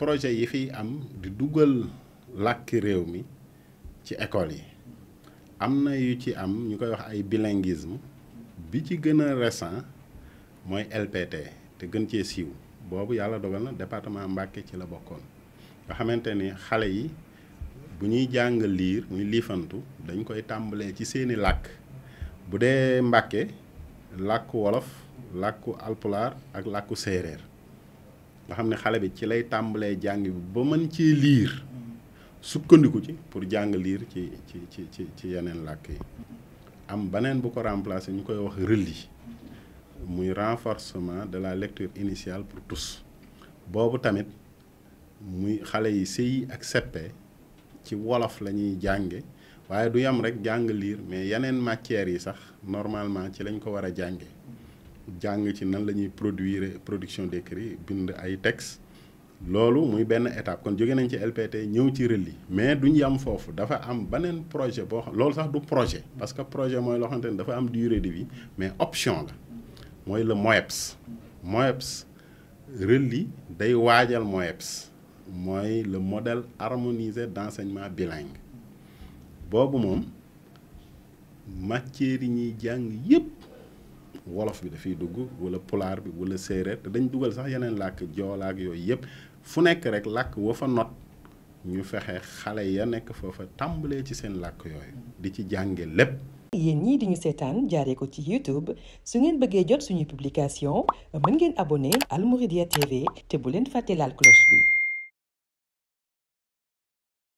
projet yi fiy am di dugal làkki réew mi ci école yi am na yu ci am ñu koy wax ay bilinguisme bi ci gën a récent mooy LPT te gën cee siiw boobu yàlla dogal na département Mbacké ci la bokkoon nga xamante ni xale yi bu ñuy jàng liir muy liifantu dañ koy tàmbalee ci seeni làkk bu dee Mbacké làkku wolof làkku alpulaar ak làkku séeréer nga xam ne xale bi ci lay tàmbalee jàng bi ba mën ci liir sukkandiku ci pour jàng liir ci ci ci ci ci yeneen làkk yi am beneen bu ko remplacer ñu koy wax reli muy renforcement de la lecture initiale pour tous boobu tamit muy xale yi CI ak CP ci wolof la ñuy jànge waaye du yam rek jàng liir mais yeneen matières yi sax normalement ci lañ ko war a jànge jàng ci nan la ñuy produire production d'écrit bind ay tex loolu muy benn étape kon jóge nañ ci LPT ñëw ci reli mais duñ yam foofu dafa am beneen projet boo xam loolu sax du projet parce que projet mooy loo xamante ne dafa am durée de vie mais option la mooy le MOEPS MOEPS reli day waajal MOEPS mooy le modèle harmonisé d'enseignement bilingue boobu moom matière yi ñuy jàng yépp wolof bi dafiy dugg wala pulaar bi wala séeréer te dañ dugal sax yeneen làkk joolaak yooyu yëpp fu nekk rek làkk wa fa not ñu fexe xale ya nekk foofa tàmbalee ci seen làkk yooyu di ci jànge lépp yéen ñii di ñu seetaan jaaree ko ci YouTube su ngeen bëggee jot suñu publication mën ngeen abonné Al Mouridiyyah TV te bu leen fàtte laal cloche